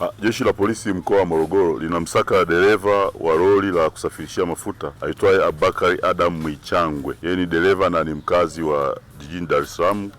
Ah, jeshi la polisi mkoa wa Morogoro linamsaka dereva wa lori la kusafirishia mafuta aitwaye Abakari Adam Mwichangwe. Yeye ni dereva na ni mkazi wa jijini Dar es Salaam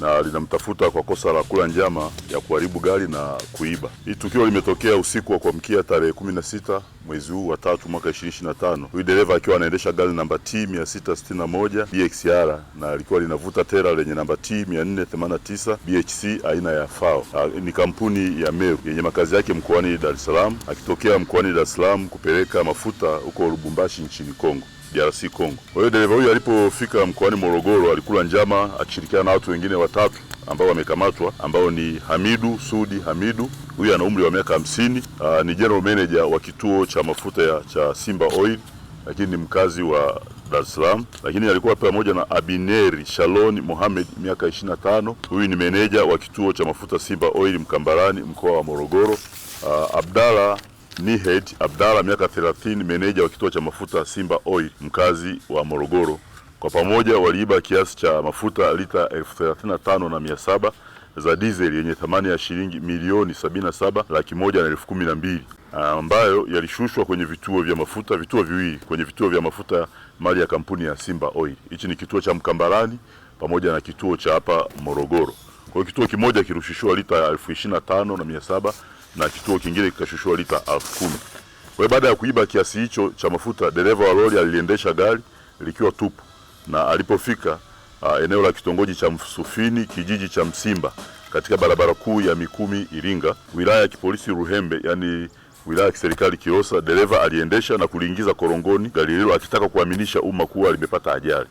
na linamtafuta kwa kosa la kula njama ya kuharibu gari na kuiba. Hii tukio limetokea usiku wa kuamkia tarehe 16 mwezi huu wa tatu mwaka 2025, huyu dereva akiwa anaendesha gari namba T 661 BXR na likiwa linavuta tera lenye namba T 489 BHC aina ya FAO. Ah, ni kampuni ya Meru yenye makazi yake mkoani Dar es Salaam, akitokea mkoani Dar es Salaam kupeleka mafuta huko Lubumbashi nchini Kongo. DRC Congo. Kwa hiyo dereva huyu alipofika mkoani Morogoro alikula njama akishirikiana na watu wengine watatu ambao wamekamatwa ambao ni Hamidu Sudi Hamidu, huyu ana umri wa miaka hamsini. Uh, ni general manager wa kituo cha mafuta ya cha Simba Oil, lakini ni mkazi wa Dar es Salaam, lakini alikuwa pamoja na Abineri Shaloni Mohamed miaka 25, huyu ni meneja wa kituo cha mafuta Simba Oil Mkambarani, mkoa wa Morogoro. Uh, ah, Abdalla Nihed Abdalla miaka 30, meneja wa kituo cha mafuta Simba Oil mkazi wa Morogoro, kwa pamoja waliiba kiasi cha mafuta lita elfu 35 na 700 za diesel yenye thamani ya shilingi milioni 77 laki moja na elfu 12 ambayo yalishushwa kwenye vituo vya mafuta vituo viwili kwenye vituo vya mafuta mali ya kampuni ya Simba Oil. Hichi ni kituo cha Mkambarani pamoja na kituo cha hapa Morogoro. Kwa kituo kimoja kirushishwa lita elfu ishirini na tano na mia saba na kituo kingine kikashushiwa lita elfu kumi. Kwa hiyo baada ya kuiba kiasi hicho cha mafuta, dereva wa lori aliendesha gari likiwa tupu na alipofika uh, eneo la kitongoji cha Msufini kijiji cha Msimba katika barabara kuu ya Mikumi Iringa, wilaya ya kipolisi Ruhembe, yani wilaya ya kiserikali Kiosa, dereva aliendesha na kuliingiza korongoni gari hilo akitaka kuaminisha umma kuwa limepata ajali.